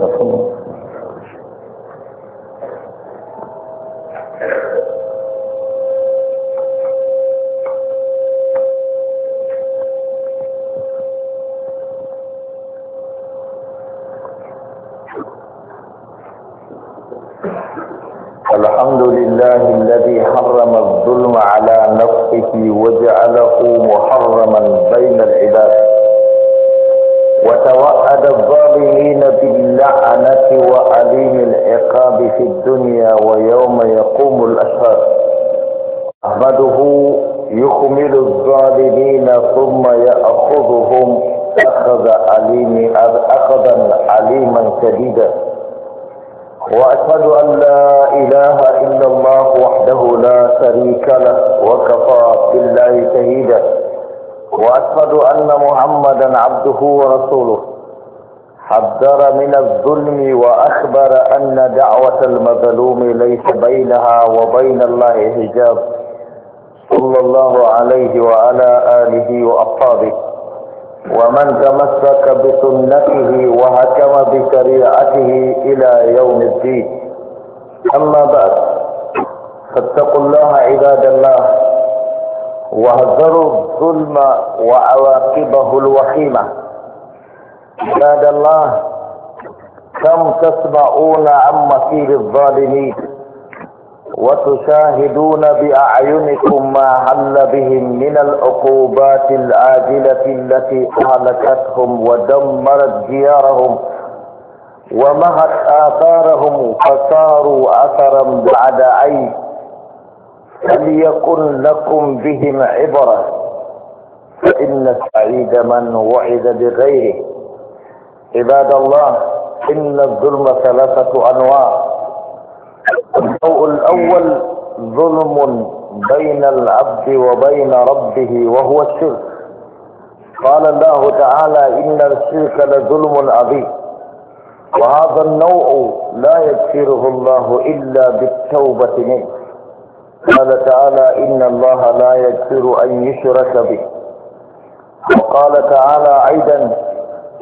الحمد لله الذي حرم الظلم على نفسه وجعله محرما بين العباد وتوعد الظالمين باللعنة وأليم العقاب في الدنيا ويوم يقوم الأشهر أحمده يخمل الظالمين ثم يأخذهم أخذ عليم أخذا عليما شديدا وأشهد أن لا إله إلا الله وحده لا شريك له وكفى بالله شهيدا وأشهد أن محمدا عبده ورسوله حذر من الظلم وأخبر أن دعوة المظلوم ليس بينها وبين الله حجاب صلى الله عليه وعلى آله وأصحابه ومن تمسك بسنته وحكم بشريعته إلى يوم الدين أما بعد فاتقوا الله عباد الله واحذروا الظلم وعواقبه الوخيمة عباد الله كم تسمعون عن مصير الظالمين وتشاهدون بأعينكم ما حل بهم من العقوبات العاجلة التي أهلكتهم ودمرت ديارهم ومهت آثارهم فصاروا أثرا بعد عين فليكن لكم بهم عبره فإن السعيد من وعد بغيره عباد الله إن الظلم ثلاثة أنواع النوع الأول ظلم بين العبد وبين ربه وهو الشرك قال الله تعالى إن الشرك لظلم عظيم وهذا النوع لا يكفره الله إلا بالتوبة منه قال تعالى إن الله لا يكفر أن يشرك به وقال تعالى ايضا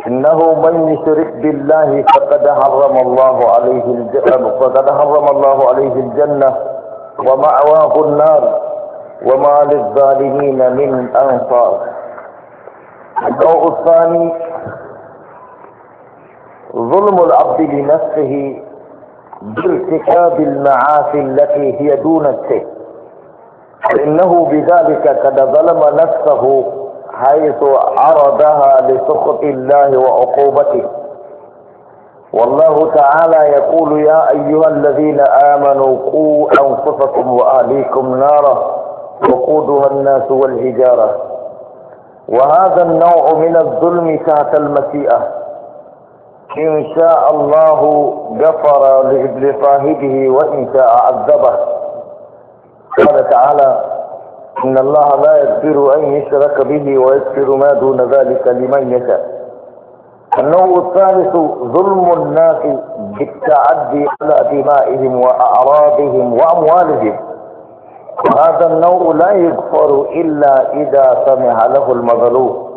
انه من يشرك بالله فقد حرم الله عليه الجنة فقد حرم الله عليه الجنه ومأواه النار وما للظالمين من انصار الضوء الثاني ظلم العبد لنفسه بارتكاب المعاصي التي هي دون الشرك فانه بذلك قد ظلم نفسه حيث عرضها لسخط الله وعقوبته والله تعالى يقول يا أيها الذين آمنوا قوا أنفسكم وأهليكم نارا وقودها الناس والحجارة وهذا النوع من الظلم تحت المسيئة إن شاء الله غفر لصاحبه وإن شاء عذبه قال تعالى إن الله لا يغفر أن يشرك به ويغفر ما دون ذلك لمن يشاء النوع الثالث ظلم الناس بالتعدي على دمائهم وأعراضهم وأموالهم هذا النوع لا يغفر إلا إذا سمح له المظلوم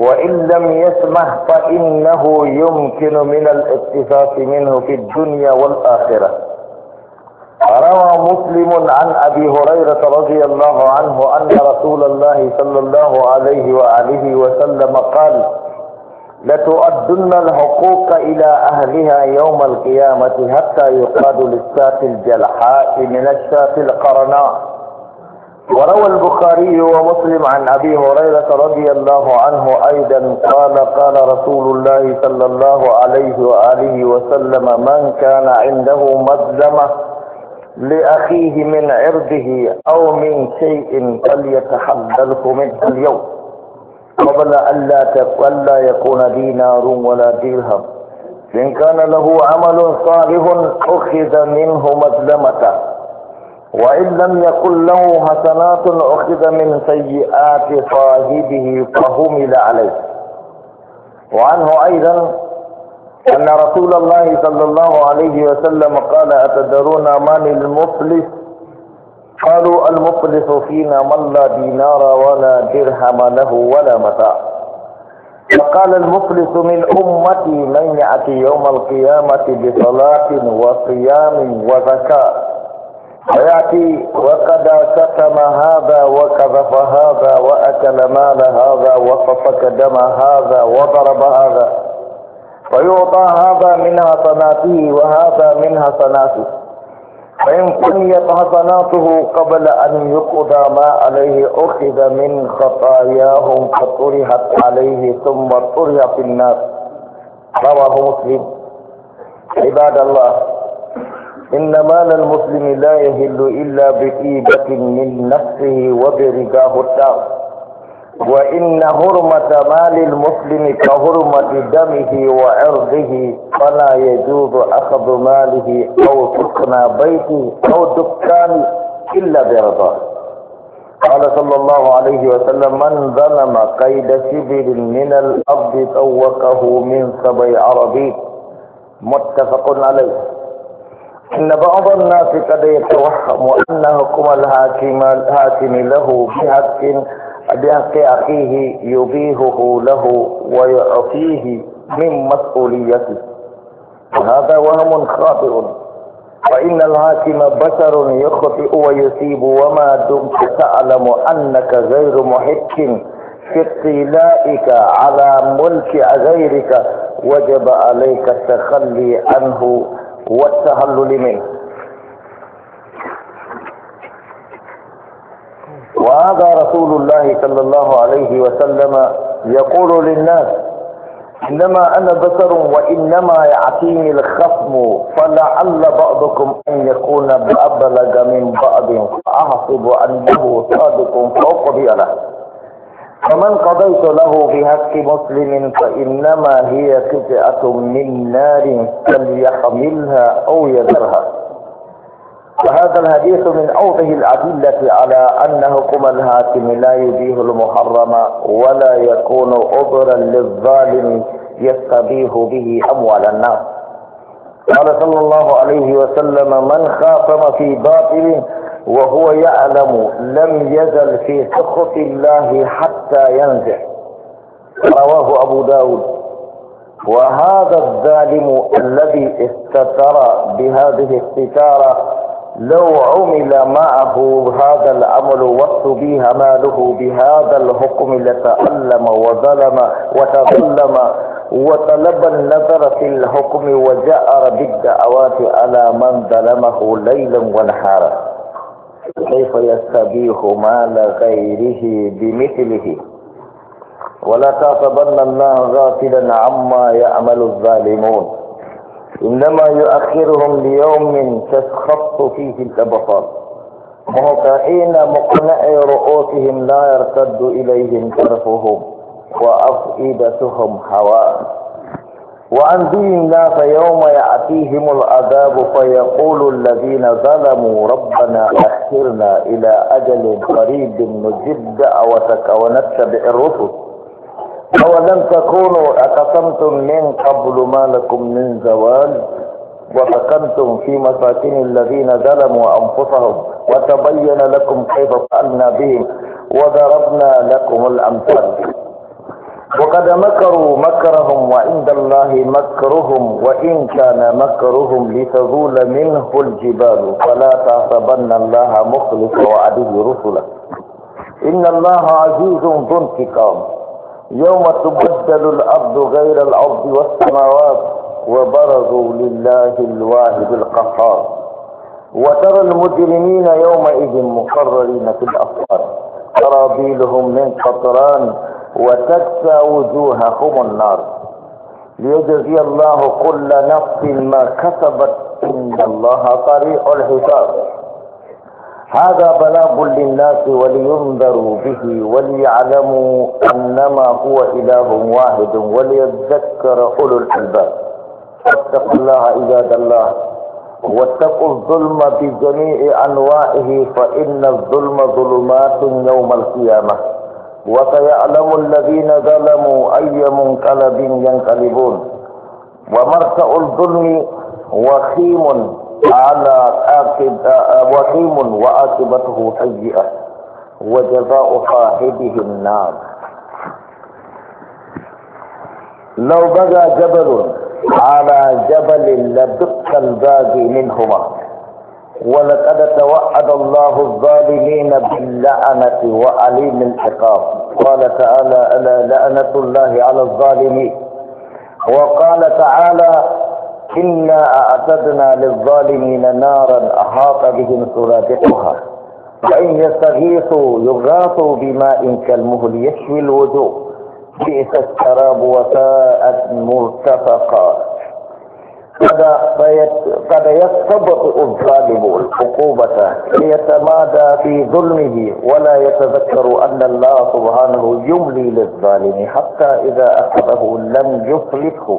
وإن لم يسمح فإنه يمكن من الاقتصاص منه في الدنيا والآخرة روى مسلم عن أبي هريرة رضي الله عنه أن رسول الله صلى الله عليه وآله وسلم قال لتؤدن الحقوق إلى أهلها يوم القيامة حتى يقاد للشاة الجلحاء من الشاة القرناء وروى البخاري ومسلم عن أبي هريرة رضي الله عنه أيضا قال قال رسول الله صلى الله عليه وآله وسلم من كان عنده مظلمه لأخيه من عرضه أو من شيء فليتحذره منه اليوم قبل أن لا يكون دينار ولا درهم إن كان له عمل صالح أخذ منه مظلمة وإن لم يكن له حسنات أخذ من سيئات صاحبه فهمل عليه وعنه أيضا أن رسول الله صلى الله عليه وسلم قال أتدرون من المفلس قالوا المفلس فينا من لا دينار ولا درهم له ولا متاع فقال المفلس من أمتي من يأتي يوم القيامة بصلاة وصيام وزكاة ويأتي وقد كتم هذا وكذف هذا وأكل مال هذا وصفك دم هذا وضرب هذا فيعطى هذا من حسناته وهذا من حسناته فإن قنيت حسناته قبل أن يقضى ما عليه أخذ من خطاياهم فطرحت عليه ثم طرح في الناس رواه مسلم عباد الله إن مال المسلم لا يهل إلا بطيبة من نفسه وبرجاه التام وإن هرمة مال المسلم كهرمة دمه وعرضه فلا يجوز أخذ ماله أو سكن بيته أو دكان إلا برضاه قال صلى الله عليه وسلم من ظلم قيد شبر من الأرض طوقه من سبع عربي متفق عليه إن بعض الناس قد يتوهم أن حكم الحاكم له بحق بحق أخيه يبيهه له ويعطيه من مسؤوليته هذا وهم خاطئ فإن الحاكم بشر يخطئ ويصيب وما دمت تعلم أنك غير محق في اطلائك على ملك غيرك وجب عليك التخلي عنه والتهلل منه وهذا رسول الله صلى الله عليه وسلم يقول للناس إنما أنا بشر وإنما يعطيني الخصم فلعل بعضكم أن يكون أبلغ من بعض فأحسب أنه صادق فأقضي له فمن قضيت له بحق مسلم فإنما هي قطعة من نار فليحملها أو يذرها هذا الحديث من أوضح الأدلة على أن حكم الحاكم لا يبيه المحرم ولا يكون عذرا للظالم يستبيح به أموال الناس قال صلى الله عليه وسلم من خاصم في باطل وهو يعلم لم يزل في سخط الله حتى ينزع رواه أبو داود وهذا الظالم الذي استتر بهذه الستارة لو عمل معه هذا العمل وقت بها ماله بهذا الحكم لتألم وظلم وتظلم وطلب النظر في الحكم وجأر بالدعوات على من ظلمه ليلا ونهارا كيف يستبيح مال غيره بمثله ولا تحسبن الله غافلا عما يعمل الظالمون إنما يؤخرهم ليوم تسخط فيه الأبصار مهطعين مقنعي رؤوسهم لا يرتد إليهم طرفهم وأفئدتهم هواء وعن دين الله فيوم يأتيهم العذاب فيقول الذين ظلموا ربنا أخرنا إلى أجل قريب نجب دعوتك ونتبع الرسل أولم تكونوا أقسمتم من قبل ما لكم من زوال وسكنتم في مساكن الذين ظلموا أنفسهم وتبين لكم كيف فعلنا بهم وضربنا لكم الأمثال وقد مكروا مكرهم وعند الله مكرهم وإن كان مكرهم لتزول منه الجبال فلا تعصبن الله مخلص وعده رسله إن الله عزيز ذو انتقام يوم تبدل الأرض غير الأرض والسماوات وبرزوا لله الواحد القهار وترى المجرمين يومئذ مقررين في الأسفار سرابيلهم من قطران وتكسى وجوههم النار ليجزي الله كل نفس ما كسبت إن الله سريع الحساب هذا بلاغ للناس ولينذروا به وليعلموا أنما هو إله واحد وليذكر أولو الألباب واتقوا الله عباد الله واتقوا الظلم بجميع أنواعه فإن الظلم ظلمات يوم القيامة وسيعلم الذين ظلموا أي منقلب ينقلبون ومرتأ الظلم وخيم على وخيم وعاقبته سيئة وجزاء صاحبه النار لو بقى جبل على جبل لدق الباقي منهما ولقد توعد الله الظالمين باللعنة وعليم العقاب قال تعالى ألا لعنة الله على الظالمين وقال تعالى إنا أعتدنا للظالمين نارا أحاط بهم سرادقها فإن يستغيثوا يغاثوا بماء كالمهل يشوي الوجوه بئس الشراب وساءت مرتفقا قد قد يستبطئ الظالم العقوبة ليتمادى في ظلمه ولا يتذكر أن الله سبحانه يملي للظالم حتى إذا أخذه لم يفلته